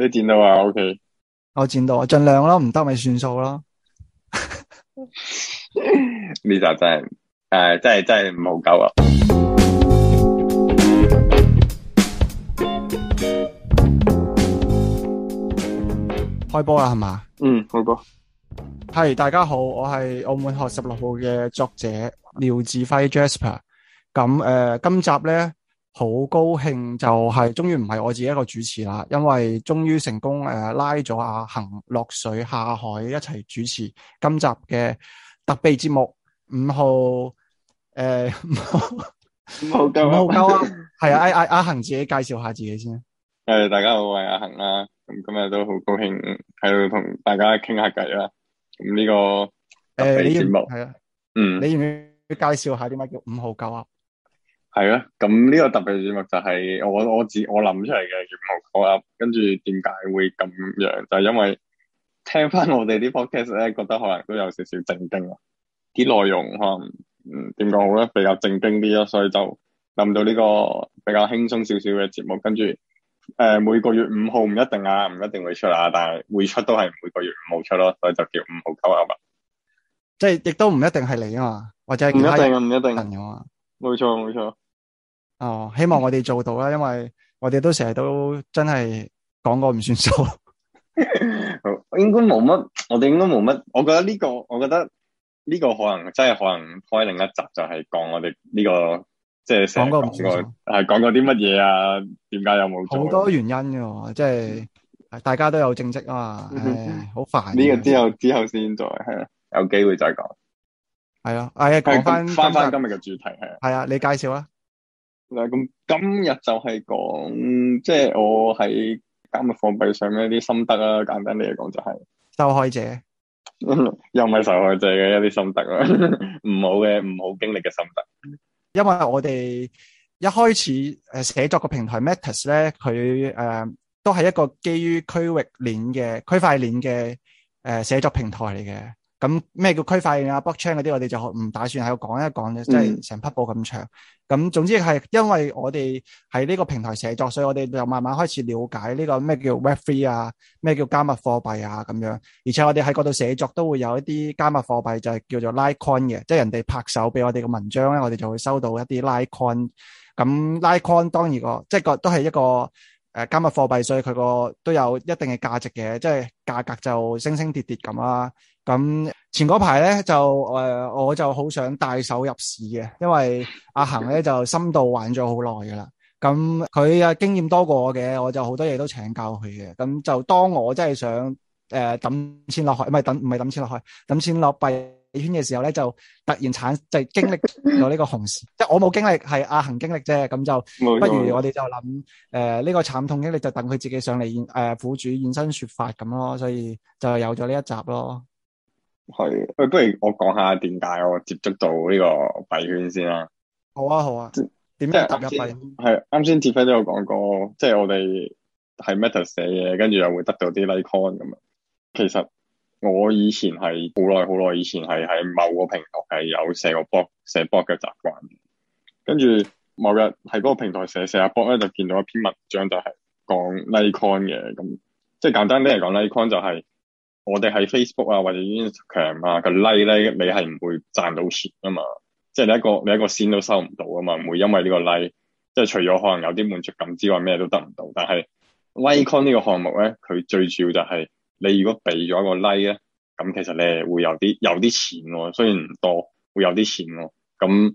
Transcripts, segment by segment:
你剪到啊？O K，我剪到，我盡量咯，唔得咪算數咯。呢 集真係，誒、呃，真係真係唔好搞啊！開波啦，係嘛？嗯，開波。係大家好，我係澳門學十六號嘅作者廖志輝 Jasper。咁 Jas 誒、呃，今集咧。好高興就係終於唔係我自己一個主持啦，因為終於成功誒、呃、拉咗阿恒落水下海一齊主持今集嘅特備節目號、呃、號五號誒五號五號鳩噏係啊 阿阿阿恒自己介紹下自己先誒、 嗯、大家好，我係阿恒啦，咁今日都好高興喺度同大家傾下偈啦，咁呢個誒你係啊，嗯、呃，你要唔、啊嗯、要，要介紹下啲乜叫五號鳩噏？係啊，咁呢個特別節目就係我我自我諗出嚟嘅五號鳩噏啊，跟住點解會咁樣？就係、是、因為聽翻我哋啲 podcast 咧，覺得可能都有少少正經啊，啲內容可能，嗯，點講好咧？比較正經啲咯，所以就諗到呢個比較輕鬆少少嘅節目，跟住誒，每個月五號唔一定啊，唔一定會出啊，但係會出都係每個月五號出咯、啊，所以就叫五號鳩噏啊嘛。即係亦都唔一定係你啊嘛，或者係唔一,一定。啊嘛。冇錯冇錯，錯錯哦，希望我哋做到啦，因為我哋都成日都真係講過唔算數， 好，應該冇乜，我哋應該冇乜，我覺得呢、這個，我覺得呢個可能真係可能開另一集就係講我哋呢、這個，即係講過唔算數，係講過啲乜嘢啊？點解有冇？好多原因噶，即、就、係、是、大家都有正職啊嘛，好煩、 哎。呢個之後之後先再，有機會再講。係啊，係啊，講翻翻翻今日嘅主題係，係啊，你介紹啊。誒，咁今日就係講，即係我喺加密貨幣上面一啲心得啊。簡單嚟講就係、是、受害者， 又唔係受害者嘅一啲心得啊。唔好嘅，唔好經歷嘅心得。 心得因為我哋一開始誒寫作嘅平台 Matters 咧，佢、呃、誒都係一個基於區域鏈嘅區塊鏈嘅誒寫作平台嚟嘅。咁咩叫區塊啊、Blockchain 嗰啲，我哋就唔打算喺度講一講啫，即係成匹布咁長。咁總之係因為我哋喺呢個平台寫作，所以我哋就慢慢開始了解呢個咩叫 Web3 啊，咩叫加密貨幣啊咁樣。而且我哋喺嗰度寫作都會有一啲加密貨幣就，就係叫做 LikeCoin 嘅，即係人哋拍手俾我哋嘅文章咧，我哋就會收到一啲 LikeCoin。咁 LikeCoin 當然個即係個都係一個誒、就是、加密貨幣，所以佢個都有一定嘅價值嘅，即、就、係、是、價格就升升跌跌咁啦。咁前嗰排咧就誒我就好想大手入市嘅，因為阿恒咧就深度玩咗好耐噶啦。咁佢啊經驗多過我嘅，我就好多嘢都請教佢嘅。咁就當我真係想誒抌、呃、錢落去，唔係抌唔係抌錢落去，抌錢落幣圈嘅時候咧，就突然慘就經歷咗呢個熊市。即係 我冇經歷，係阿恒經歷啫。咁就不如我哋就諗誒呢個慘痛經歷就等佢自己上嚟誒苦主現身說法咁咯，所以就有咗呢一集咯。係，誒，不如我講下點解我接觸到呢個幣圈先啦。好啊，好啊。點即係踏入幣？係，啱先志輝都有講過，即係我哋喺 Matters 寫嘢，跟住又會得到啲 LikeCoin 咁樣。其實我以前係好耐好耐以前係喺某個平台係有寫個 blog 寫 blog 嘅習慣。跟住某日喺嗰個平台寫寫下 blog 咧，就、啊、見到一篇文章就係講 LikeCoin 嘅，咁即係簡單啲嚟講，LikeCoin 就係、是。我哋喺 Facebook 啊，或者 Instagram 啊個 like 咧，你係唔會賺到錢啊嘛。即係你一個你一個先都收唔到啊嘛，唔會因為呢個 like，即係除咗可能有啲滿足感之外，咩都得唔到。但係 LikeCoin 呢個項目咧，佢最主要就係、是、你如果俾咗一個 like 咧，咁其實你會有啲有啲錢喎、哦，雖然唔多，會有啲錢喎、哦。咁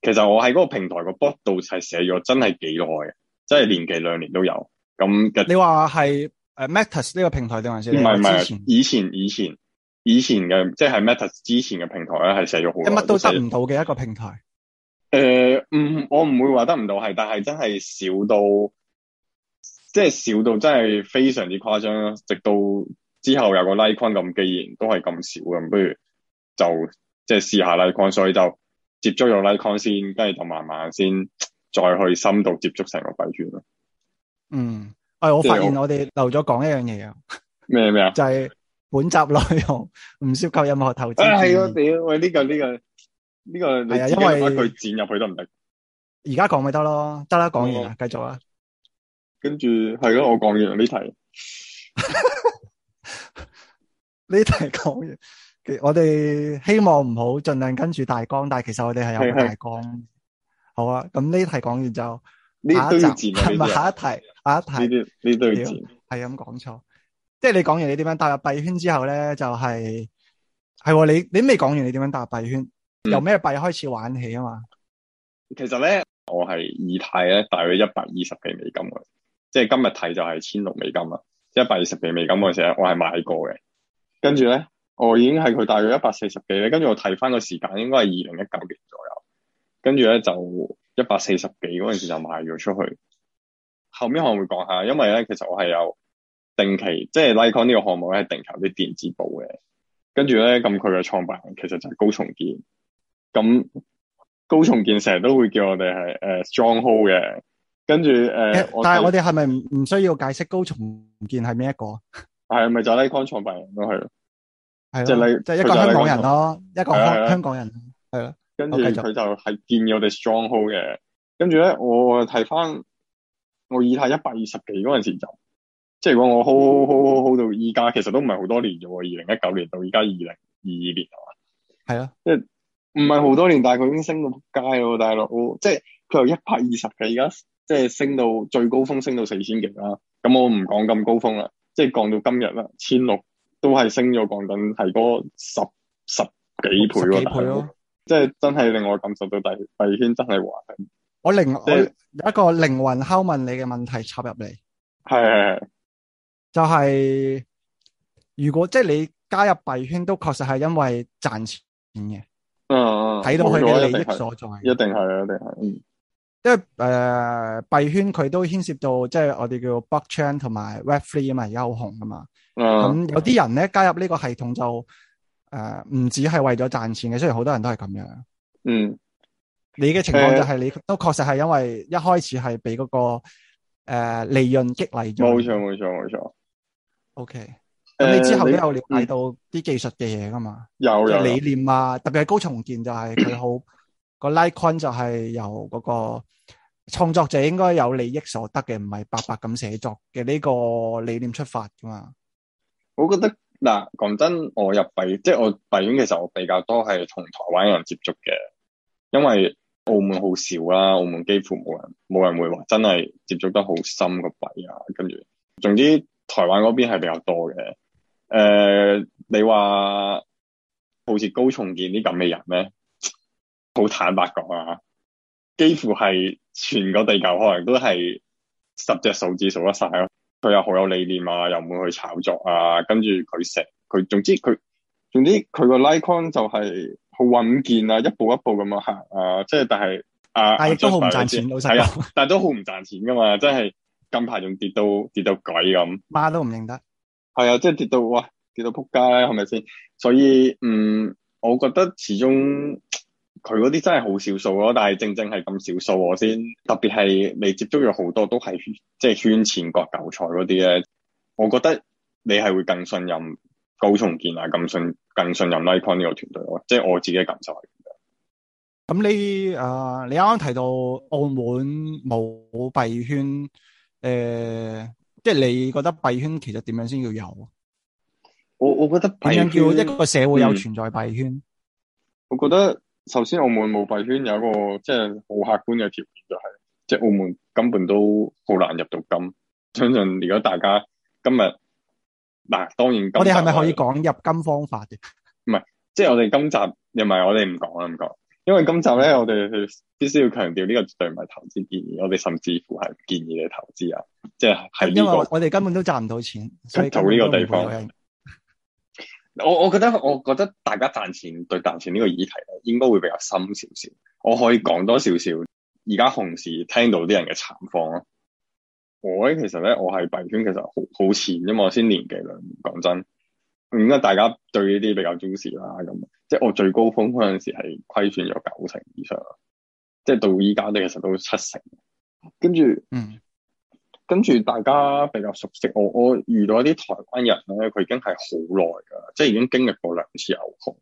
其實我喺嗰個平台個 blog 度係寫咗真係幾耐嘅，即係年期兩年都有。咁嘅你話係？誒 m a t t a s 呢個平台定還唔係唔係？以前以前以前嘅，即係 m a t t a s 之前嘅平台咧，係寫咗好。即係乜都得唔到嘅一個平台。誒、呃，唔、嗯，我唔會話得唔到係，但係真係少到，即係少到真係非常之誇張啦。直到之後有個 l i k e o n 咁，既然都係咁少咁不如就即係試下 l i k e c o n 所以就接觸咗 l i k e c o n 先，跟住就慢慢先再去深度接觸成個幣圈咯。嗯。係、哎，我發現我哋漏咗講一樣嘢啊！咩咩啊？就係本集內容唔涉及任何投資。啊係啊，屌！喂，呢個呢個呢個，這個這個、 你因為佢剪入去都唔得？而家講咪得咯，得啦，講完啊，繼續啊。跟住係咯，我講完呢題，呢 題講完，我哋希望唔好盡量跟住大綱，但係其實我哋係有個大綱。是是是好啊，咁呢題講完就呢，下一集係咪下，下一題？嗯呢啲都要剪係咁講錯，即係、啊、你講要 完你點樣踏入幣圈之後咧，就係、是、係、啊、你你未講完你點樣踏入幣圈？由咩幣開始玩起啊？嘛、嗯，其實咧我係以太咧，大約一百二十幾美金嘅，即係今日睇就係千六美金啦，一百二十幾美金嗰陣時咧，我係買過嘅，跟住咧我已經係佢大約一百四十幾咧，跟住我睇返個時間應該係二零一九年左右，跟住咧就一百四十幾嗰陣時就賣咗出去。後面可能會講下，因為咧，其實我係有定期，即、就、係、是、LikeCoin 呢個項目咧係定期啲電子報嘅。跟住咧，咁佢嘅創辦人其實就係高重建。咁高重建成日都會叫我哋係誒 Stronghold 嘅。跟住誒，呃、但係我哋係咪唔唔需要解釋高重建係咩一個？係咪就 LikeCoin 創辦人都係咯？係咯， 即係即係一個香港人咯。哦，一個香港人。係咯、嗯，跟住佢就係建我哋 Stronghold 嘅。跟住咧，我睇翻。我以太一百二十幾嗰陣時就，即係講我 hold hold hold 到而家，其實都唔係好多年啫喎，二零一九年到而家二零二二年係嘛？係啊，即係唔係好多年，但係佢已經升到撲街咯，大佬，即係佢由一百二十幾而家即係升到最高峰，升到四千幾啦。咁我唔講咁高峰啦，即係降到今日啦，千六都係升咗，降緊係嗰十十幾倍喎，大佬啊、即係真係令我感受到第第二圈真係壞。我靈我有一個靈魂拷問你嘅問題插入嚟，係係的就係、是、如果即係你加入幣圈都確實係因為賺錢嘅，嗯睇、啊、到佢嘅利益所在、啊，一定係一定係，定嗯、因為誒、呃、幣圈佢都牽涉到即係我哋叫 blockchain 同埋 web three 啊嘛，而家好紅啊嘛，咁、啊、有啲人咧加入呢個系統就誒唔止係為咗賺錢嘅，雖然好多人都係咁樣，嗯。你嘅情況就係你都確實係因為一開始係被嗰、那個誒、呃、利潤激勵咗，冇錯冇錯冇錯。O K，咁你之後都有了解到啲技術嘅嘢噶嘛？有有的理念啊，的特別係高重建就係佢好 個 LikeCoin 就係由嗰、那個創作者應該有利益所得嘅，唔係白白咁寫作嘅呢個理念出發噶嘛？我覺得嗱，講真，我入幣即係我院嘅時候，我比較多係同台灣人接觸嘅，因為。澳門好少啦，澳門幾乎冇人，冇人會話真係接觸得好深個鬼啊，跟住總之台灣嗰邊係比較多嘅。誒、呃，你話好似高重建啲咁嘅人咧，好坦白講啊，幾乎係全個地球可能都係十隻手指數得晒咯。佢又好有理念啊，又唔會去炒作啊，跟住佢食佢，總之佢。總之佢個 LikeCoin 就係好穩健啊，一步一步咁樣行啊，即係但係啊，但亦都好唔賺錢，老實啊對，但係都好唔賺錢噶嘛，即係 近排仲跌到跌到鬼咁，媽都唔認得，係啊，即係跌到哇，跌到仆街，係咪先？所以嗯，我覺得始終佢嗰啲真係好少數咯，但係正正係咁少數，我先特別係你接觸咗好多都係即係圈錢割韭菜嗰啲咧，我覺得你係會更信任。高重建啊，咁信更信任 LikeCoin 呢個團隊咯，即係我自己嘅感受係咁樣。咁你啊，你啱啱提到澳門冇幣圈，誒、呃，即係你覺得幣圈其實點樣先要有？我我覺得點樣叫一個社會有存在幣圈，嗯？我覺得首先澳門冇幣圈有一個即係好客觀嘅條件就係、是，即係澳門根本都好難入到金。相信如果大家今日。嗱，當然我哋係咪可以講入金方法嘅？唔係，即係我哋今集又唔係我哋唔講啦，唔講，因為今集咧，我哋必須要強調呢個絕對唔係投資建議，我哋甚至乎係建議你投資啊，即係喺呢個，因為我哋根本都賺唔到錢，做呢個地方。我我覺得，我覺得大家賺錢對賺錢呢個議題咧，應該會比較深少少。我可以講多少少，而家同時聽到啲人嘅慘況咯。我咧其實咧，我係幣圈其實好好淺啫，我先年紀兩年，講真，應該大家對呢啲比較中實啦。咁即係我最高峰嗰陣時係虧損咗九成以上，即係到依家咧其實都七成。跟住，嗯，跟住大家比較熟悉我，我遇到一啲台灣人咧，佢已經係好耐噶，即係已經經歷過兩次牛熊，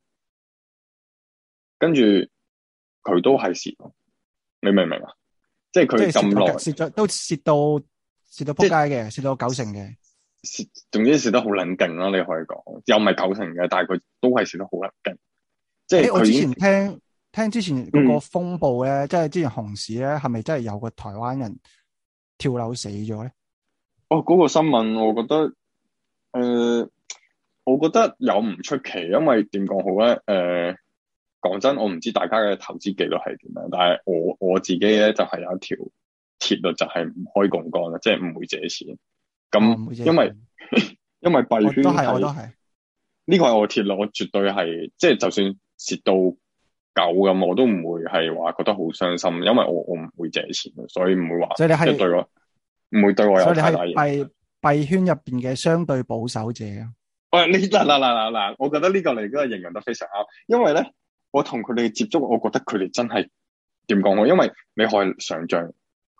跟住佢都係蝕，你明唔明啊？即係佢咁耐蝕咗，都蝕到。蝕到扑街嘅，蝕即到九成嘅，總之蝕得好冷靜咯、啊。你可以講，又唔係九成嘅，但係佢都係蝕得好冷靜。欸、即係我之前聽聽之前嗰個風暴咧，嗯、即係之前熊市咧，係咪真係有個台灣人跳樓死咗咧？哦，嗰、那個新聞我覺得，誒、呃，我覺得有唔出奇，因為點講好咧？誒、呃，講真，我唔知大家嘅投資記錄係點樣，但係我我自己咧就係、是、有一條。鐵律就係唔開槓杆啦，即係唔會借錢。咁、嗯、因為因為幣圈係呢個係我嘅鐵律，我絕對係即係就算蝕到狗咁，我都唔會係話覺得好傷心，因為我我唔會借錢，所以唔會話即係對我唔會對我有太大影響幣。幣幣圈入邊嘅相對保守者，喂，呢個啦啦啦啦我覺得呢個嚟都係形容得非常啱，因為咧我同佢哋接觸，我覺得佢哋真係點講咧，因為你可以想像。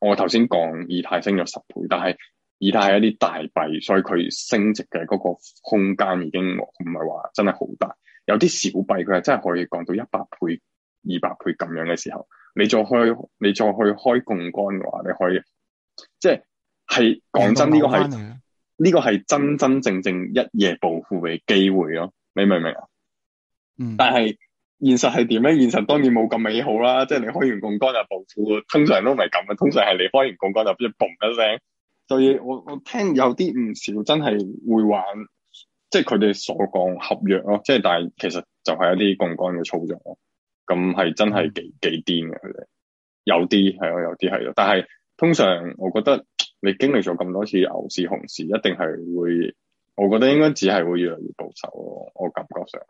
我頭先講以太升咗十倍，但係以太係一啲大幣，所以佢升值嘅嗰個空間已經唔係話真係好大。有啲小幣佢係真係可以降到一百倍、二百倍咁樣嘅時候，你再開，你再去開槓杆嘅話，你可以即係係講真呢個係呢個係真真正正一夜暴富嘅機會咯。你明唔明啊？嗯，但係。現實係點咧？現實當然冇咁美好啦，即係你開完槓桿就暴富，通常都唔係咁嘅，通常係你開完槓桿就即係嘣一聲。所以我我聽有啲唔少真係會玩，即係佢哋所講合約咯，即係但係其實就係一啲槓桿嘅操作咯。咁係真係幾幾癲嘅佢哋，有啲係咯，有啲係咯。但係通常我覺得你經歷咗咁多次牛市熊市，一定係會，我覺得應該只係會越嚟越保守咯。我感覺上。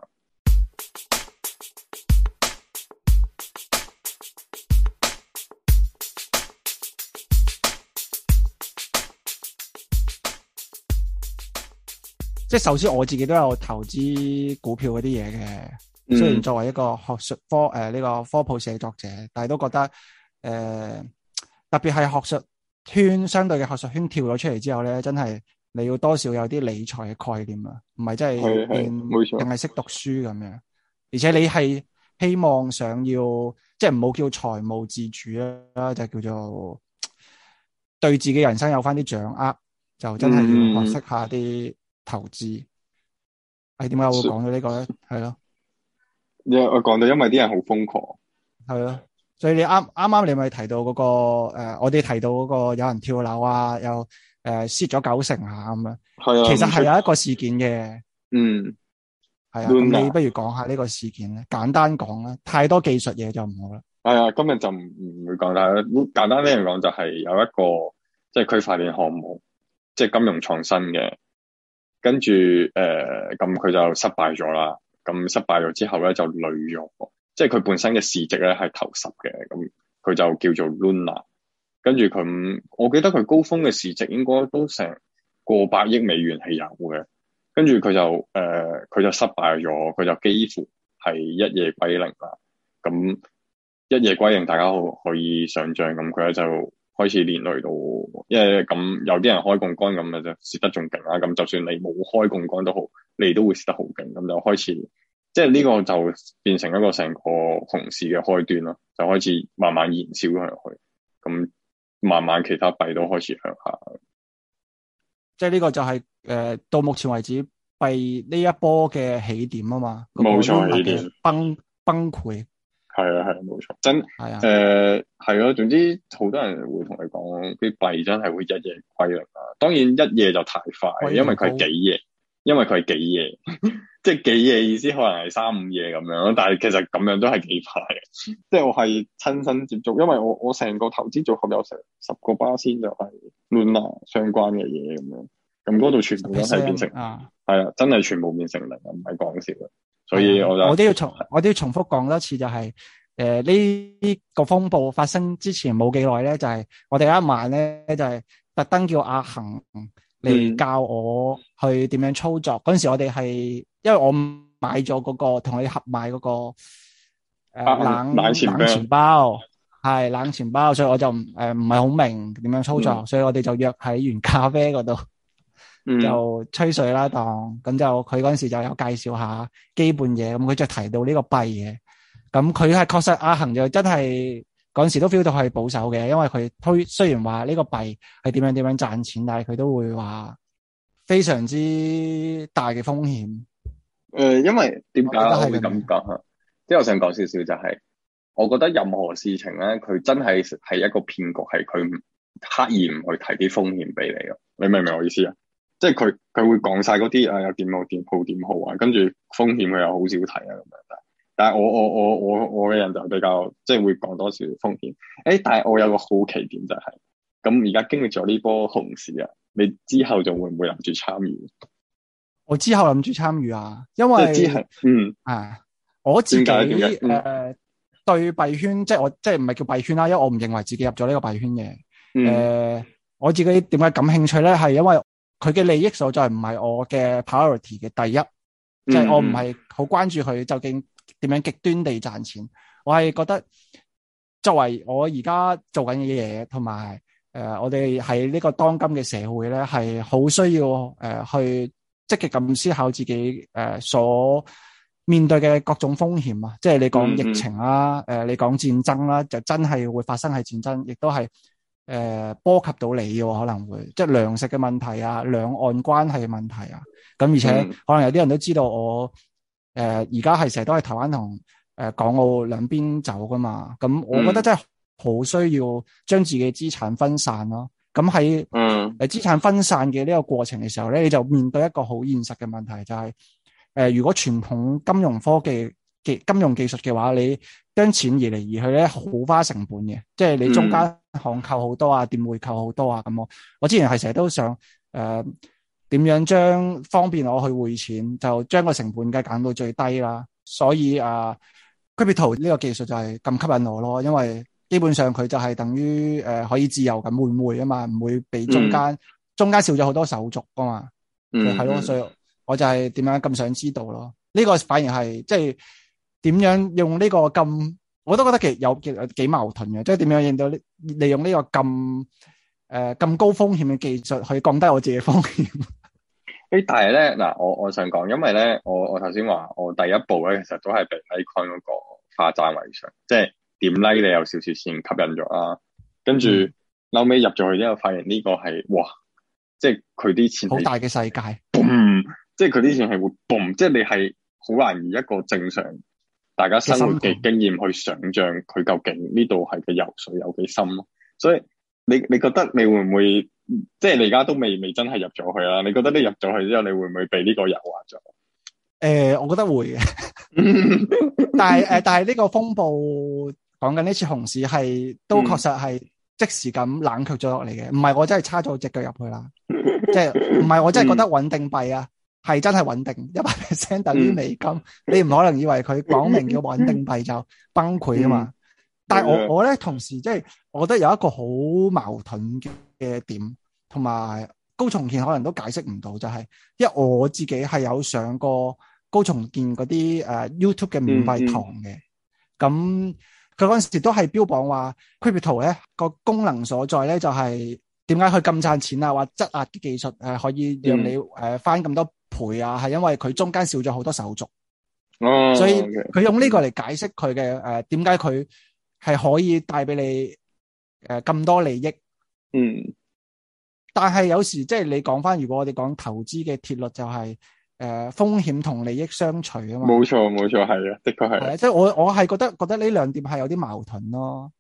即係首先我自己都有投資股票嗰啲嘢嘅，嗯、雖然作為一個學術科誒呢、呃這個科普寫作者，但係都覺得誒、呃、特別係學術圈相對嘅學術圈跳咗出嚟之後咧，真係你要多少有啲理財嘅概念啊，唔係真係係係冇錯，更係識讀書咁樣。而且你係希望想要即係唔好叫財務自主啦，就係、叫做對自己人生有翻啲掌握，就真係要學識下啲、嗯。投資，係點解我會講到個呢個咧？係咯，因為我講到因為啲人好瘋狂，係咯，所以你啱啱啱你咪提到嗰、嗰個誒、呃，我哋提到嗰個有人跳樓啊，又誒蝕咗九成啊咁樣，係啊的，其實係有一個事件嘅，嗯，係啊的，嗯、你不如講下呢個事件咧，簡單講啦，太多技術嘢就唔好啦。係啊，今日就唔唔會講啦，簡單啲嚟講就係有一個即係區塊鏈項目，即、就、係、是、金融創新嘅。跟住誒，咁、呃、佢就失敗咗啦。咁失敗咗之後咧，就累弱，即係佢本身嘅市值咧係頭十嘅。咁佢就叫做 Luna。跟住佢，我記得佢高峰嘅市值應該都成過百億美元係有嘅。跟住佢就誒，佢、呃、就失敗咗，佢就幾乎係一夜歸零啦。咁一夜歸零，大家可可以想象。咁佢咧就。開始連累到，因為咁有啲人開槓桿咁嘅就蝕得仲勁啦。咁就算你冇開槓桿都好，你都會蝕得好勁。咁就開始，即係呢個就變成一個成個熊市嘅開端咯。就開始慢慢燃燒咗入去，咁慢慢其他幣都開始向下。即係呢個就係、是、誒、呃，到目前為止幣呢一波嘅起點啊嘛。冇錯，起點崩崩潰。係啊，係冇錯真，誒係咯，總之好多人會同你講啲幣真係會一夜歸零啊。當然一夜就太快，喂因為佢係幾，多幾夜，因為佢係幾夜， 即係幾夜意思可能係三五夜咁樣。但係其實咁樣都係幾快嘅。即係我係親身接觸，因為我我成個投資組合有成十個巴仙就係 Luna 相關嘅嘢咁樣，咁嗰度全部都係變成，係啊，真係全部變成零啊，唔係講笑嘅。所以我都要重，我都要重複講多次，就是，就係誒呢個風暴發生之前冇幾耐咧，就係、是、我哋一晚咧就係、是、特登叫阿恒嚟教我去點樣操作。陣、嗯、時我，我哋係因為我買咗、那個同佢合買、那個誒、呃、阿恒冷冷錢包，係冷錢包，所以我就誒唔係好明點樣操作，嗯、所以我哋就約喺原咖啡度。嗯、就吹水啦，當咁就佢嗰陣時就有介紹下基本嘢，咁佢就提到呢個幣嘅咁，佢係確實阿恒就真係嗰陣時都 feel 到係保守嘅，因為佢推雖然話呢個幣係點樣點樣賺錢，但係佢都會話非常之大嘅風險。誒、呃，因為點解我係咁講吓？即係我想講少少就係、是，我覺得任何事情咧，佢真係係一個騙局，係佢刻意唔去提啲風險俾你咯。你明唔明我意思啊？即係佢佢會講晒嗰啲啊，有點好點好點好啊，跟住風險佢又好少睇啊咁樣。但係我我我我我嘅人就比較即係會講多少風險。誒、欸，但係我有個好奇點就係、是、咁，而家經歷咗呢波熊市啊，你之後仲會唔會諗住參與？我之後諗住參與啊，因為之後嗯啊，我自己誒、嗯呃、對幣圈即係我即係唔係叫幣圈啦，因為我唔認為自己入咗呢個幣圈嘅誒、嗯呃。我自己點解感興趣咧？係因為。佢嘅利益所在唔係我嘅 priority 嘅第一，即係我唔係好關注佢究竟點樣極端地賺錢，我係覺得作為我而家做緊嘅嘢，同埋誒我哋喺呢個當今嘅社會咧，係好需要誒去積極咁思考自己誒所面對嘅各種風險啊！即係你講疫情啦，誒你講戰爭啦，就真係會發生喺戰爭，亦都係。誒、呃，波及到你嘅，可能會即係糧食嘅問題啊，兩岸關係嘅問題啊，咁而且、嗯、可能有啲人都知道我誒，而家係成日都喺台灣同誒港澳兩邊走噶嘛，咁我覺得真係好需要將自己資產分散咯、啊。咁喺誒資產分散嘅呢個過程嘅時候咧，你就面對一個好現實嘅問題，就係、是、誒、呃，如果傳統金融科技嘅金融技術嘅話，你，將錢移嚟移去咧，好花成本嘅，即係你中間行扣好多啊，點會扣好多啊，咁我我之前係成日都想誒，點、呃、樣將方便我去匯錢，就將個成本計減到最低啦。所以誒，crypto 呢個技術就係咁吸引我咯，因為基本上佢就係等於誒、呃、可以自由咁匯唔匯啊嘛，唔會俾中間、嗯、中間少咗好多手續噶嘛。嗯，係咯，所以我就係點樣咁想知道咯。呢、這個反而係即係。點樣用呢個咁，我都覺得其實有幾幾矛盾嘅，即係點樣到你你用到呢利用呢個咁誒咁高風險嘅技術去降低我自己嘅風險？誒、欸，但係咧嗱，我我想講，因為咧我我頭先話我第一步咧，其實都係被 LikeCoin 嗰個化債為上，即係點 like 你有少少先吸引咗啦，跟住後尾入咗去之後，發現呢個係哇，即係佢啲錢好大嘅世界 boom 即係佢啲錢係會 boom 即係你係好難以一個正常。大家生活嘅經驗去想象佢究竟呢度係嘅游水有幾深咯，所以你你覺得你會唔會，即、就、係、是、你而家都未未真係入咗去啦？你覺得你入咗去之後，你會唔會俾呢個誘惑咗？誒、呃，我覺得會 但、呃，但係誒，但係呢個風暴講緊呢次熊市係都確實係即時咁冷卻咗落嚟嘅，唔係、嗯、我真係叉咗隻腳入去啦，即係唔係我真係覺得穩定幣啊。係真係穩定，一百 percent 等於美金，嗯、你唔可能以為佢講明嘅穩定幣就崩潰啊嘛？嗯、但係我我咧同時即係，我覺得有一個好矛盾嘅點，同埋高重建可能都解釋唔到，就係、是，因為我自己係有上過高重建嗰啲誒 YouTube 嘅免費堂嘅，咁佢嗰陣時都係標榜話，Crypto 咧個功能所在咧就係點解佢咁賺錢啊？話質押嘅技術係、呃、可以讓你誒翻咁多。賠啊，係因為佢中間少咗好多手續，oh, okay. 所以佢用呢個嚟解釋佢嘅誒，點解佢係可以帶俾你誒咁、呃、多利益。嗯，mm. 但係有時即係、就是、你講翻，如果我哋講投資嘅鐵律就係、是、誒、呃、風險同利益相隨啊嘛。冇錯，冇錯，係啊，的確係。即係我我係覺得覺得呢兩點係有啲矛盾咯。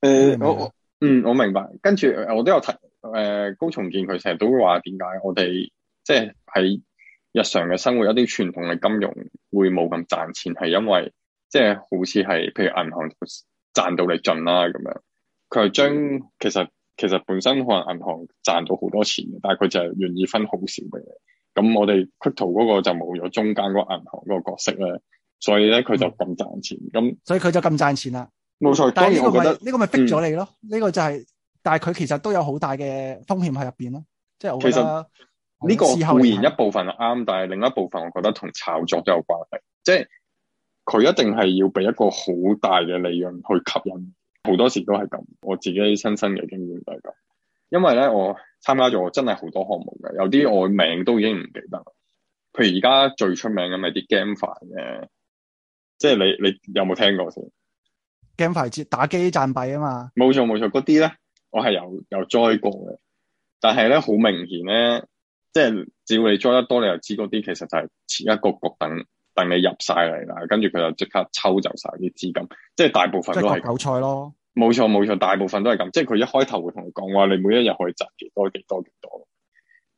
誒、呃，是是我嗯我明白。跟住我都有提誒、呃，高重建佢成日都會話點解我哋。即係喺日常嘅生活，一啲傳統嘅金融會冇咁賺錢，係因為即係好似係，譬如銀行賺到你盡啦咁樣。佢係將其實其實本身可能銀行賺到好多錢，但係佢就係願意分好少俾你。咁我哋 crypto 嗰個就冇咗中間嗰個銀行嗰個角色咧，所以咧佢就咁賺錢。咁、嗯、那所以佢就咁賺錢啦。冇錯，當然我覺得呢個咪逼咗你咯？呢個就係，但係佢其實都有好大嘅風險喺入邊咯。即係我覺得。呢個固然一部分係啱，但係另一部分，我覺得同炒作都有關係。即係佢一定係要俾一個好大嘅利潤去吸引，好多時都係咁。我自己親身嘅經驗都係咁。因為咧，我參加咗真係好多項目嘅，有啲我名都已經唔記得。譬如而家最出名嘅咪啲 GameFi 嘅，即係你你有冇聽過先？GameFi 即係打機賺幣啊嘛！冇錯冇錯，嗰啲咧我係有有 join 過嘅，但係咧好明顯咧。即係，只要你 join 得多，你又知嗰啲其實就係前一個局，局等等你入晒嚟啦，跟住佢就即刻抽走晒啲資金，即係大部分都係韭菜咯。冇錯冇錯，大部分都係咁，即係佢一開頭會同你講話，你每一日可以賺幾多幾多幾多。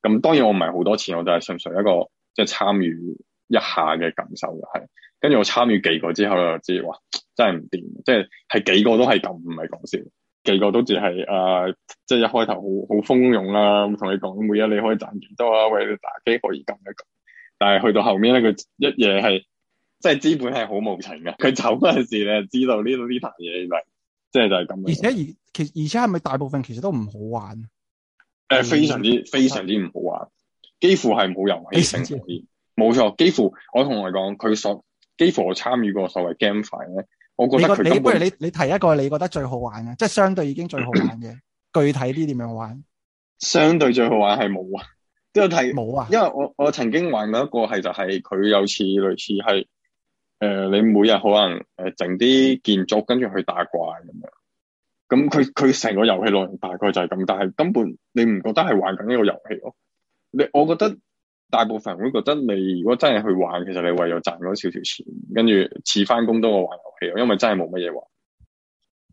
咁當然我唔係好多錢，我都係純粹一個即係參與一下嘅感受就係、是，跟住我參與幾個之後咧就知，哇真係唔掂，即係係幾個都係咁，唔係講笑。幾個都只係誒、呃，即係一開頭好好蜂擁啦、啊，同你講，每日你可以賺幾多啊，或你打機可以咁一咁。但係去到後面咧，佢一夜係即係資本係好無情嘅。佢走嗰陣時咧，知道呢度呢壇嘢嚟，即係就係咁。而且而其而且係咪大部分其實都唔好玩？誒、呃，非常之非常之唔好玩，幾乎係冇遊戲性可以。冇錯，幾乎我同你講，佢所幾乎我參與過所謂 GameFi 咧。我覺得你不如你你提一個你覺得最好玩嘅，即係相對已經最好玩嘅 具體啲點樣玩？相對最好玩係冇啊，都要提冇啊。因為我我曾經玩過一個係就係、是、佢有似類似係誒、呃，你每日可能誒整啲建築，跟住去打怪咁樣。咁佢佢成個遊戲內容大概就係咁，但係根本你唔覺得係玩緊呢個遊戲咯？你我覺得。大部分人都覺得你如果真係去玩，其實你唯有賺咗少少錢，跟住似返工多過玩遊戲，因為真係冇乜嘢玩。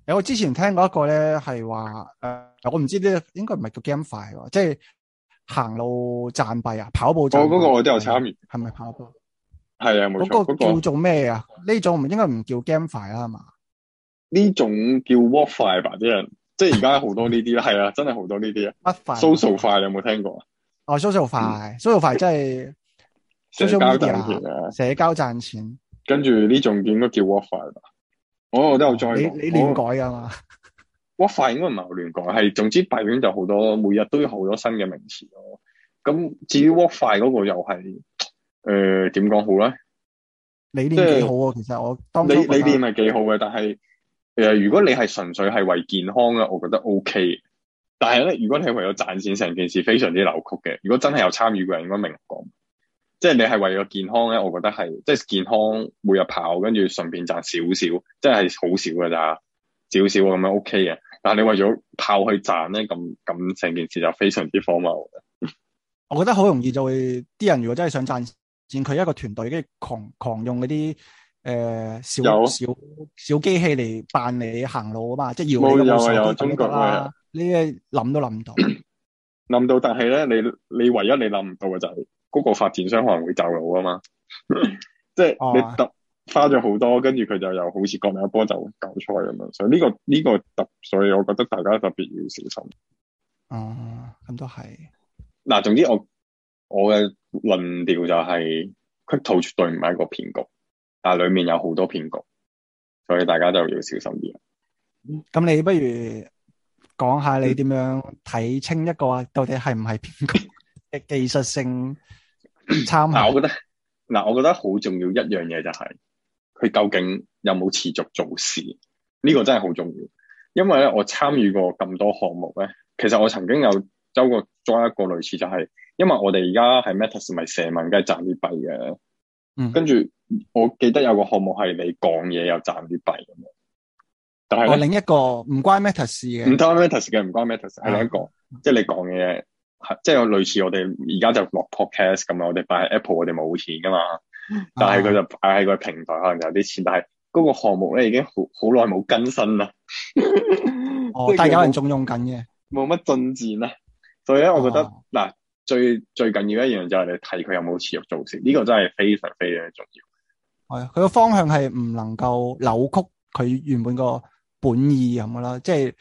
誒，我之前聽過一個咧，係話誒，我唔知呢，應該唔係叫 GameFi 喎，即係行路賺幣啊，跑步賺幣。我嗰個我都有參與。係咪跑步？係啊，冇錯。嗰個叫做咩啊？呢、那個、種唔應該唔叫 GameFi 啦嘛？呢種叫 WalkFi 吧？啲人即係而家好多呢啲啦，係 啊，真係好多呢啲啊。WorkFi。SocialFi，你有冇聽過啊？哦 SocialFi，SocialFi 真係少少搞掂。社交賺錢。跟住呢種點應該叫 WorkFi、哦、我我之後再你你亂改啊嘛、哦、WorkFi 應該唔係好亂改，係總之幣圈就好多，每日都要有好多新嘅名詞咯。咁至於 WorkFi 嗰個又係誒點講好咧？理念幾好啊，其實我你你理念係幾好嘅，但係誒、呃、如果你係純粹係為健康啊，我覺得 OK。但係咧，如果你係為咗賺錢，成件事非常之扭曲嘅。如果真係有參與嘅人，應該明講，即係你係為咗健康咧。我覺得係即係健康，每日跑，跟住順便賺少少，即係係好少噶咋，少少咁樣 OK 嘅。但係你為咗跑去賺咧，咁咁成件事就非常之荒謬嘅。 我覺得好容易就會啲人，如果真係想賺錢，佢一個團隊跟住狂狂用嗰啲誒小有小小機器嚟扮你行路啊嘛，即係搖嗰啲手你諗都諗唔到，諗到， 但係咧，你你唯一你諗唔到嘅就係嗰個發展商可能會走佬啊嘛，即 係、 就是、你抌、哦、花咗好多，跟住佢就又好似割另一波就韭菜咁樣，所以呢、這個呢、這個特，所以我覺得大家特別要小心。哦，咁都係嗱，總之我我嘅論調就係，Crypto 絕對唔係一個騙局，但係裏面有好多騙局，所以大家都要小心啲。咁、嗯、你不如？講下你點樣睇清一個到底係唔係邊個嘅技術性參考 與？嗱， 我覺得嗱，我覺得好重要一樣嘢就係、是、佢究竟有冇持續做事呢、這個真係好重要，因為咧我參與過咁多項目咧，其實我曾經有做過 join 一個類似就係、是，因為我哋而家係 Matters 咪寫文梗係賺啲幣嘅，幣嗯、跟住我記得有個項目係你講嘢又賺啲幣咁但係另一個唔關 Matters 嘅，唔關 Matters 嘅唔關 Matters，係另一個，即係你講嘅，即係有類似我哋而家就落 Podcast 咁樣，我哋擺喺 Apple，我哋冇錢噶嘛，但係佢就擺喺個平台，可能有啲錢，但係嗰個項目咧已經好好耐冇更新啦 、哦。但係有人仲用緊嘅，冇乜進展啦。所以咧，我覺得嗱、哦，最最緊要一樣就係你睇佢有冇持續做，食、這、呢個真係非常非常重要。係、哦，佢個方向係唔能夠扭曲佢原本個。本意咁噶啦，即、就、係、是、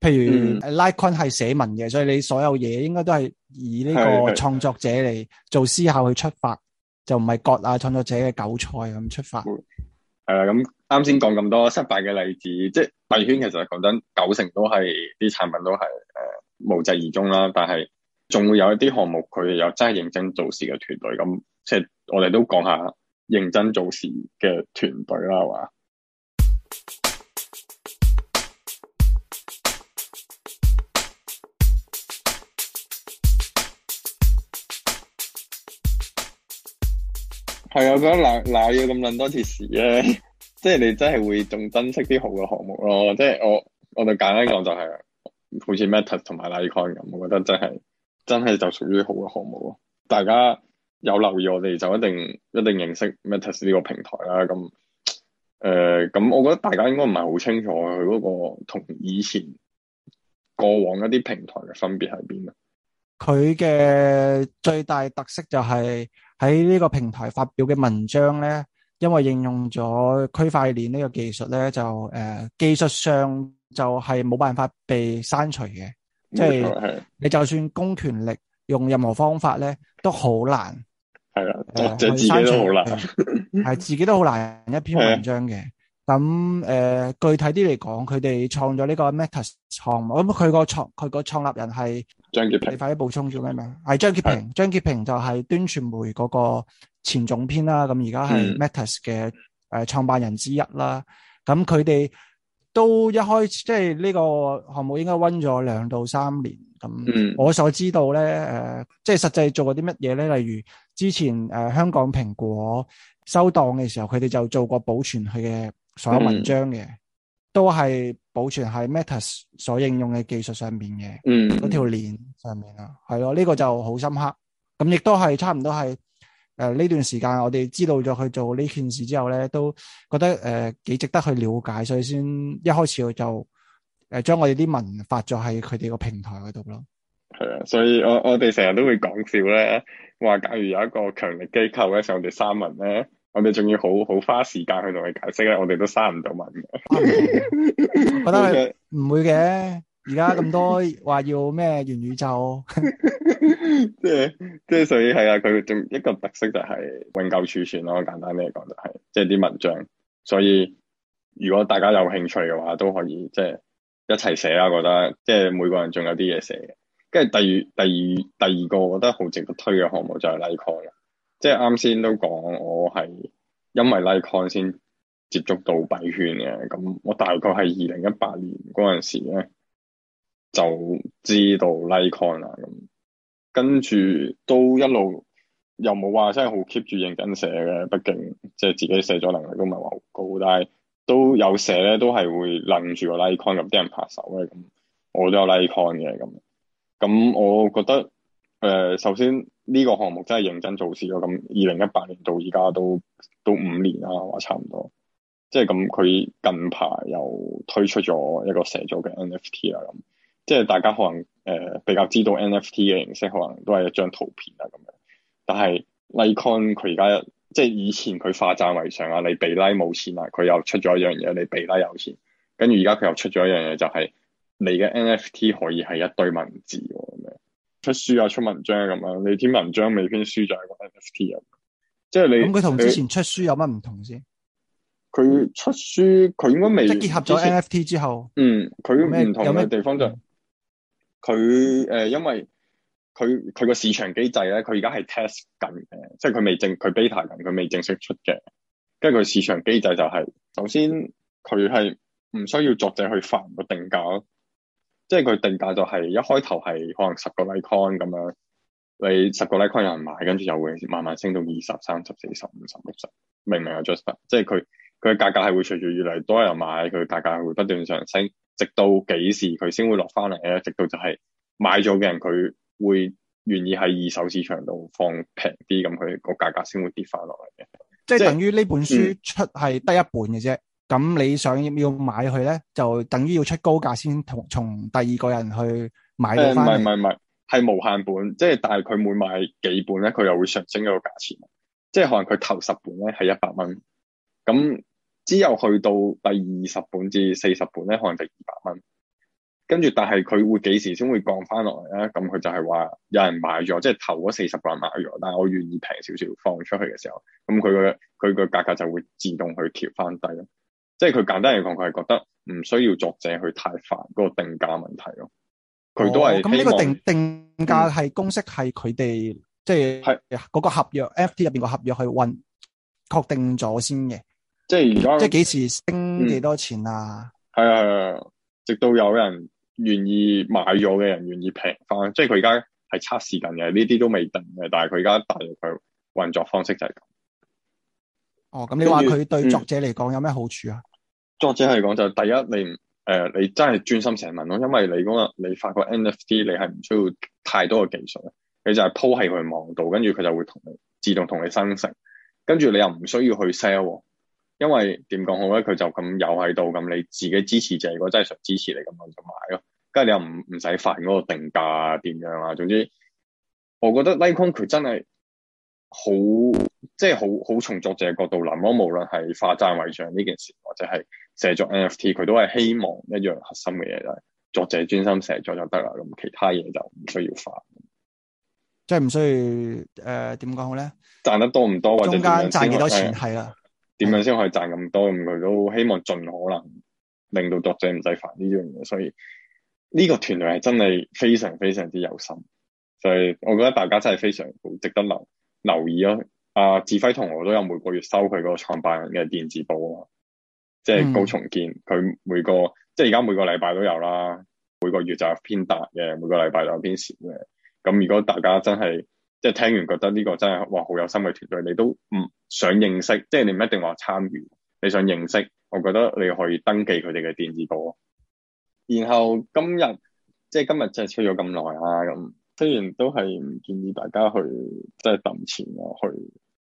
譬如 LikeCoin 係寫文嘅，所以你所有嘢應該都係以呢個創作者嚟做思考去出發，就唔係割下創作者嘅韭菜咁出發。係啦、嗯，咁啱先講咁多失敗嘅例子，即係幣圈其實講真，九成都係啲產品都係誒、呃、無疾而終啦。但係仲會有一啲項目，佢又真係認真做事嘅團隊。咁即係我哋都講下認真做事嘅團隊啦，係嘛？係啊，我覺得嗱嗱要咁捻多次事咧，即係你真係會仲珍惜啲好嘅項目咯。即係我我哋簡單講就係、是，好似 Matters 同埋 LikeCoin 咁，我覺得真係真係就屬於好嘅項目咯。大家有留意我哋就一定一定認識 Matters 呢個平台啦。咁誒，咁、呃、我覺得大家應該唔係好清楚佢嗰個同以前過往一啲平台嘅分別喺邊啊。佢嘅最大特色就係、是。喺呢個平台發表嘅文章咧，因為應用咗區塊鏈呢個技術咧，就誒、呃、技術上就係冇辦法被刪除嘅，嗯、即係你就算公權力用任何方法咧，都好難係啦，刪除都好難，係、啊呃、自己都好難、， 啊、難一篇文章嘅。咁誒、啊呃、具體啲嚟講，佢哋創咗呢個 Matters 項目，咁佢個創佢個創，創立人係。張潔平，你快啲補充咗咩名？係張潔平，張潔平就係端傳媒嗰個前總編啦。咁而家係 Matters 嘅誒創辦人之一啦。咁佢哋都一開始即係呢個項目應該溫咗兩到三年。咁我所知道咧誒，即、呃、係、就是、實際做過啲乜嘢咧？例如之前誒、呃、香港蘋果收檔嘅時候，佢哋就做過保存佢嘅所有文章嘅，嗯、都係。保存喺 Matters 所應用嘅技術上邊嘅，嗯，條鏈上面啊，係咯，呢、呢個就好深刻。咁亦都係差唔多係誒呢段時間我哋知道咗去做呢件事之後咧，都覺得誒幾、呃、值得去了解，所以先一開始就、呃、我就誒將我哋啲文發咗喺佢哋個平台嗰度咯。係啊，所以我我哋成日都會講笑咧，話假如有一個強力機構咧，想我哋刪文咧。我哋仲要好好花時間去同佢解釋咧，我哋都刪唔到文。我覺得唔會嘅，而家咁多話要咩元宇宙，即係即係所以係啊！佢仲一個特色就係永久儲存咯，簡單啲嚟講就係即係啲文章。所以如果大家有興趣嘅話，都可以即係一齊寫啊！覺得即係每個人仲有啲嘢寫。跟住第二、第二、第二個，我覺得好值得推嘅項目就係 LikeCoin。即係啱先都講，我係因為 LikeCoin 先接觸到幣圈嘅，咁我大概係二零一八年嗰陣時咧就知道 LikeCoin 啦，咁跟住都一路又冇話真係好 keep 住認真寫嘅，畢竟即係自己寫咗能力都唔係話好高，但係都有寫咧，都係會楞住個 LikeCoin 咁，啲人拍手嘅，咁我都有 LikeCoin 嘅，咁咁我覺得誒、呃、首先。呢個項目真係認真做事咗。咁二零一八年到而家都都五年啦，話差唔多。即係咁，佢近排又推出咗一個寫作嘅 NFT 啦。咁即係大家可能誒、呃、比較知道 NFT 嘅形式，可能都係一張圖片啊咁樣。但係 LikeCoin 佢而家即係以前佢化讚為賞啊，你俾 like 冇錢啊，佢又出咗一樣嘢，你俾、like、有錢。跟住而家佢又出咗一樣嘢、就是，就係你嘅 NFT 可以係一堆文字。出書啊，出文章啊，咁樣你啲文章未編書就係個 NFT 啊，即係你咁佢同之前出書有乜唔同先？佢出書佢應該未即係結合咗 NFT 之後，嗯，佢唔同嘅地方就佢、係、誒、呃，因為佢佢個市場機制咧，佢而家係 test 緊嘅，即係佢未正佢 beta 緊，佢未正式出嘅。跟住佢市場機制就係、係，首先佢係唔需要作者去發個定價。即係佢定價就係一開頭係可能十個 LikeCoin 咁樣，你十個 LikeCoin 有人買，跟住就會慢慢升到二十、三十、四十、五十、六十，明唔明啊？Jasper，即係佢佢嘅價格係會隨住越嚟多人買，佢價格會不斷上升，直到幾時佢先會落翻嚟咧？直到就係買咗嘅人佢會願意喺二手市場度放平啲，咁佢個價格先會跌翻落嚟嘅。即係等於呢本書出係得一半嘅啫即。嗯咁你想要買佢咧，就等於要出高價先同從第二個人去買。唔係唔係唔係，係、嗯、無限本，即係但係佢每買幾本咧，佢又會上升一個價錢。即係可能佢頭十本咧係一百蚊，咁之後去到第二十本至四十本咧，可能就二百蚊。跟住，但係佢會幾時先會降翻落嚟咧？咁佢就係話有人買咗，即係頭嗰四十本買咗，但係我願意平少少放出去嘅時候，咁佢個佢個價格就會自動去調翻低咯。即係佢簡單嚟講，佢係覺得唔需要作者去太煩嗰、那個定價問題咯。佢都係咁呢個定定價係、嗯、公式係佢哋即係係嗰個合約 NFT 入邊個合約去運確定咗先嘅。即係而家即係幾時升幾多錢啊？係、嗯、啊，啊，直到有人願意買咗嘅人願意平翻，即係佢而家係測試緊嘅，呢啲都未定嘅，但係佢而家大約佢運作方式就係咁。哦，咁你話佢對作者嚟講有咩好處啊、嗯？作者係講，就第一，你誒、呃，你真係專心寫文咯，因為你嗰個你發個 NFT，你係唔需要太多嘅技術，你就係鋪喺佢網度，跟住佢就會同你自動同你生成，跟住你又唔需要去 sell，因為點講好咧？佢就咁有喺度，咁你自己支持就係個真實支持你咁樣就買咯。跟住你又唔唔使煩嗰個定價啊，點樣啊？總之，我覺得 LikeCoin、like、佢真係。好即係，好好從作者角度諗，我無論係化讚為賞呢件事，或者係寫作 NFT，佢都係希望一樣核心嘅嘢，就係作者專心寫作就得啦，咁其他嘢就唔需要煩，即係唔需要誒，點講好咧？賺得多唔多？或中間賺幾多錢係啦？點樣先可以賺咁多、哎、多？咁佢的都希望盡可能令到作者唔使煩呢樣嘢，所以呢個團隊係真係非常非常之有心，所以我覺得大家真係非常好，值得留意。留意咯，阿志輝同學都有每個月收佢個創辦人嘅電子報啊，即係高重建佢每個即係而家每個禮拜都有啦，每個月就有偏多嘅，每個禮拜就有偏少嘅。咁、啊、如果大家真係即係聽完覺得呢個真係哇好有心嘅團隊，你都唔想認識，即係你唔一定話參與，你想認識，我覺得你可以登記佢哋嘅電子報啊。然後今日即係今日即係吹咗咁耐啊。咁、嗯。雖然都係唔建議大家去即係抌錢啊。去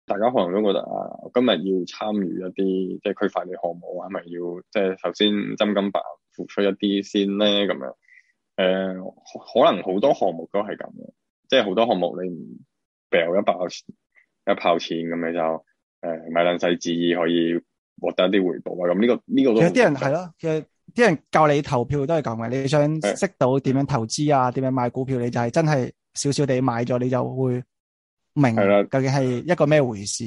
大家可能都覺得啊，今日要參與一啲即係開發嘅項目啊，係咪要即係首先真金白付出一啲先咧？咁樣誒、呃，可能好多項目都係咁嘅，即係好多項目你唔俾留一百一炮錢咁，你就誒買爛細紙可以獲得一啲回報啊！咁呢、這個呢、這個都其實啲人係咯，啲人教你投票都係咁嘅，你想識到點樣投資啊，點樣的買股票，你就係真係少少地買咗，你就會明白究竟係一個咩回事。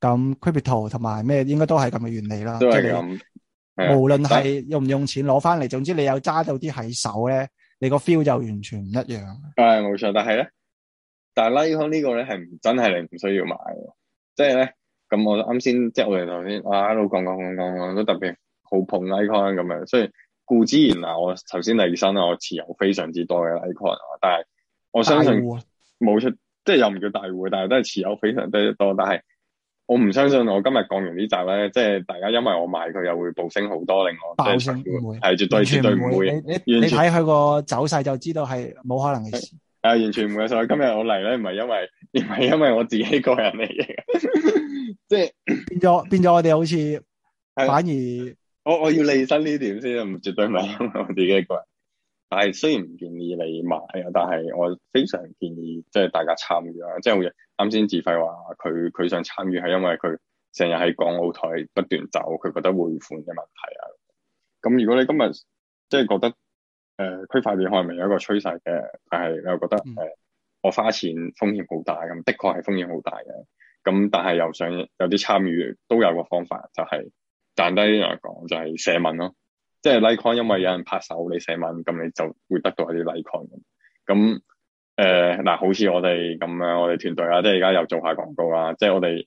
咁 Crypto 同埋咩應該都係咁嘅原理啦。都係咁，無論係用唔用錢攞翻嚟，的總之你有揸到啲喺手咧，你個 feel 就完全唔一樣。誒，冇錯，但係咧，但係 LikeCoin 呢個咧係唔真係你唔需要買嘅、就是，即係咧咁我啱先即係我哋頭先啊一路講講講講，都特別。好碰 icon 咁樣，所以顧之然嗱，我頭先嚟新啦，我持有非常之多嘅 LikeCoin，但係我相信冇出，即係又唔叫大戶，但係都係持有非常之多。但係我唔相信，我今日講完呢集咧，即係大家因為我賣佢又會暴升好多，令我爆升係絕對絕對唔會。你你睇佢個走勢就知道係冇可能嘅事。啊，完全唔會，所以今日我嚟咧唔係因為唔係因為，因為我自己個人嚟嘅，即係、就是、變咗變咗，我哋好似反而。我、哦、我要釐清呢點先，唔，絕對唔係 我自己一個人。但係雖然唔建議你買，但係我非常建議即係、就是、大家參與。即係啱先，自輝話佢佢想參與係因為佢成日喺港澳台不斷走，佢覺得匯款嘅問題啊。咁如果你今日即係覺得誒，區塊鏈係咪有一個趨勢嘅？但係你又覺得誒，嗯、我花錢風險好大咁，的確係風險好大嘅。咁但係又想有啲參與，都有個方法就係、是。但低嚟講就係、是、寫文咯，即係 LikeCoin 因為有人拍手你寫文，咁你就會得到一啲 LikeCoin 咁誒嗱、呃，好似我哋咁樣，我哋團隊啦，即係而家又做下廣告啦，即係我哋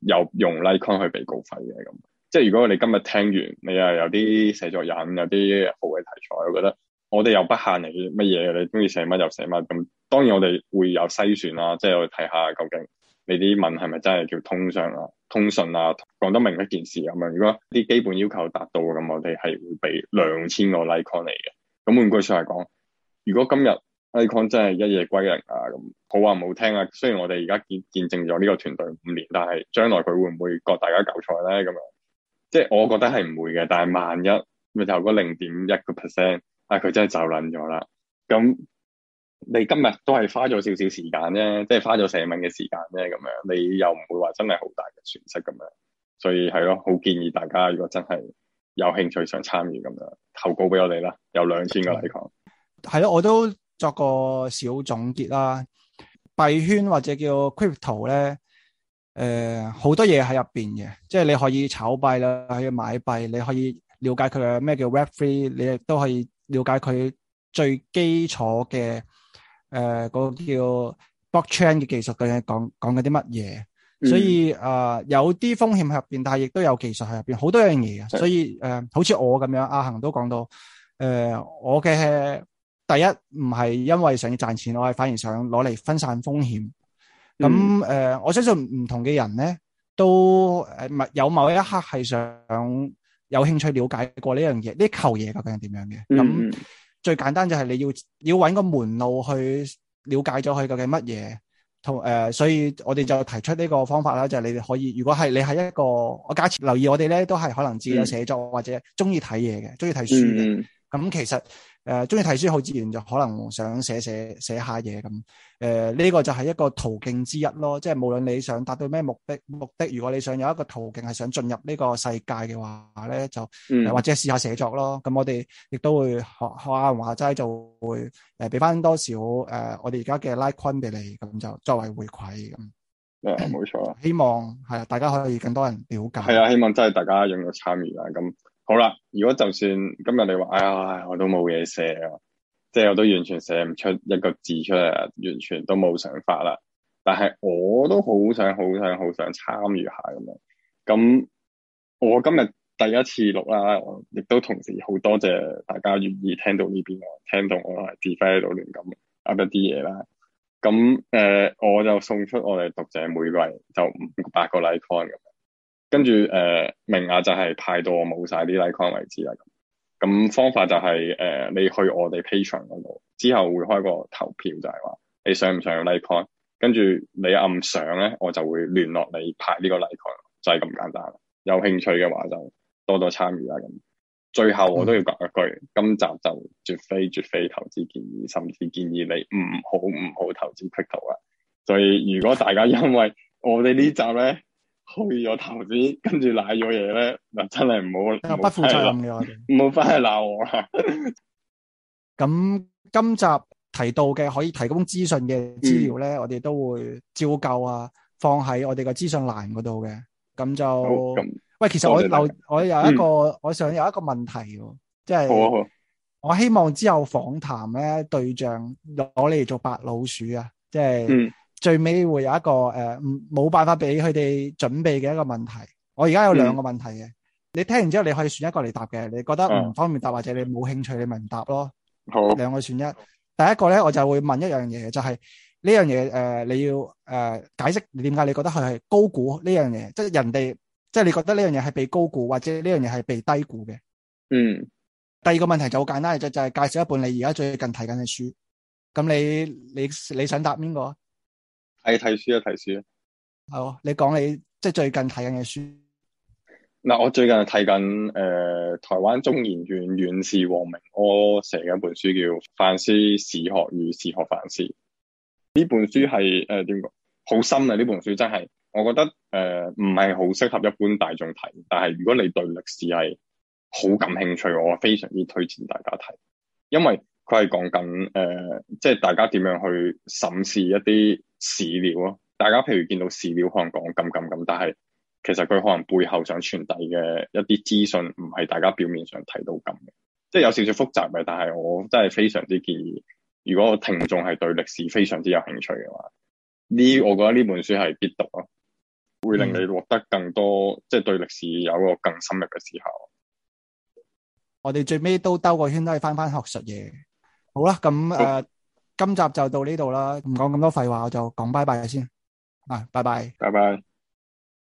又用 LikeCoin 去俾稿費嘅咁。即係如果我哋今日聽完，你又有啲寫作人，有啲好嘅題材，我覺得我哋又不限你乜嘢，你中意寫乜就寫乜。咁當然我哋會有篩選啦，即係我哋睇下究竟。你啲問係咪真係叫通商啊、通訊啊，講得明一件事咁樣？如果啲基本要求達到，咁我哋係會俾兩千個 LikeCoin 嚟嘅。咁換句說嚟講，如果今日 LikeCoin 真係一夜歸零啊，咁好話唔好聽啊。雖然我哋而家見見證咗呢個團隊五年，但係將來佢會唔會割大家韭菜咧？咁樣即係我覺得係唔會嘅。但係萬一咪就嗰零點一個 percent，啊佢真係就撚咗啦，咁。你今日都係花咗少少時間啫，即係花咗社民嘅時間啫，咁樣你又唔會話真係好大嘅損失咁樣，所以係咯，好建議大家如果真係有興趣想參與咁樣，投稿俾我哋啦，有兩千個幣礦。係咯，我都作個小總結啦，幣圈或者叫 crypto 咧，誒、呃，好多嘢喺入邊嘅，即係你可以炒幣啦，可以買幣，你可以了解佢嘅咩叫 web three，你亦都可以了解佢最基礎嘅。誒，嗰、呃那個、叫 blockchain 嘅技術，究竟講講緊啲乜嘢？嗯、所以誒、呃，有啲風險喺入邊，但係亦都有技術喺入邊，好多樣嘢嘅。所以誒，好似我咁樣，阿恒都講到，誒、呃，我嘅第一唔係因為想要賺錢，我係反而想攞嚟分散風險。咁誒、嗯呃，我相信唔同嘅人咧，都誒，有某一刻係想有興趣了解過呢、嗯、樣嘢，呢球嘢究竟係點樣嘅？咁、嗯。最簡單就係你要要揾個門路去了解咗佢究竟乜嘢，同誒、呃，所以我哋就提出呢個方法啦，就係、是、你哋可以，如果係你係一個，我假設留意我哋咧，都係可能自己有寫作或者中意睇嘢嘅，中意睇書嘅，咁、嗯嗯嗯、其實。誒，中意睇書好自然就可能想寫寫寫下嘢，咁、誒、呃、呢、這個就係一個途徑之一咯。即係無論你想達到咩目的，目的如果你想有一個途徑係想進入呢個世界嘅話咧，就、呃、或者試下寫作咯。咁、嗯、我哋亦都會學學話齋，就會誒俾翻多少誒、呃、我哋而家嘅 LikeCoin 俾你咁就作為回饋咁。誒，冇錯錯、嗯。希望係啊、嗯，大家可以更多人了解。係啊、嗯，希望真係大家踴躍參與啦咁。好啦，如果就算今日你話，哎呀，我都冇嘢寫啊，即係我都完全寫唔出一個字出嚟啊，完全都冇想法啦。但係我都好想、好想、好想參與下咁樣。咁我今日第一次錄啦，亦都同時好多謝大家願意聽到呢邊，聽到我係指揮喺度亂咁噏一啲嘢啦。咁誒、呃，我就送出我哋讀者每位就五百個 LikeCoin 咁樣。跟住誒名額就係派到我冇晒啲 LikeCoin 為止啦。咁方法就係、是、誒、呃、你去我哋 Patreon 嗰度，之後會開個投票就，就係話你想唔想用 LikeCoin。跟住你暗上咧，我就會聯絡你派呢個 LikeCoin，就係咁簡單。有興趣嘅話就多多參與啦。咁最後我都要講一句，今集就絕非絕非投資建議，甚至建議你唔好唔好投資 crypto 啊。所以如果大家因為我哋呢集咧，去咗投資，跟住瀨咗嘢咧，嗱真係唔好，不負責任嘅我哋。唔好翻去鬧我啦。咁 今集提到嘅可以提供資訊嘅資料咧，嗯、我哋都會照舊啊，放喺我哋嘅資訊欄嗰度嘅。咁就喂，其實我留我有一個，嗯、我想有一個問題，即係，我希望之後訪談咧，對象攞你嚟做白老鼠啊，即係。嗯最尾會有一個誒，冇、呃、辦法俾佢哋準備嘅一個問題。我而家有兩個問題嘅，嗯、你聽完之後你可以選一個嚟答嘅。你覺得唔方便答，或者你冇興趣，你咪唔答咯。好，兩個選一。第一個咧，我就會問一樣嘢，就係呢樣嘢誒，你要誒、呃、解釋點解你覺得佢係高估呢樣嘢，即係人哋即係你覺得呢樣嘢係被高估，或者呢樣嘢係被低估嘅。嗯。第二個問題就好簡單，就就係介紹一本你而家最近睇緊嘅書。咁你你你，你想答邊個？睇睇書啊，睇書啊，係、oh, 你講起，即係最近睇緊嘅書。嗱、啊，我最近睇緊誒台灣中研院院士王明珂寫嘅一本書，叫《反思史學與史學反思》。呢本書係誒點講？好深啊！呢本書真係，我覺得誒唔係好適合一般大衆睇。但係如果你對歷史係好感興趣，我非常之推薦大家睇，因爲佢係講緊誒即係大家點樣去審視一啲。史料咯，大家譬如見到史料，可能講咁咁咁，但係其實佢可能背後想傳遞嘅一啲資訊，唔係大家表面上睇到咁嘅，即係有少少複雜嘅。但係我真係非常之建議，如果聽眾係對歷史非常之有興趣嘅話，呢，我覺得呢本書係必讀咯，會令你獲得更多，嗯、即係對歷史有一個更深入嘅思考。我哋最尾都兜個圈，都係翻翻學術嘢。好啦，咁誒。就 uh, 今集就到呢度啦，唔講咁多廢話，我就講拜拜先。啊，拜拜，拜拜。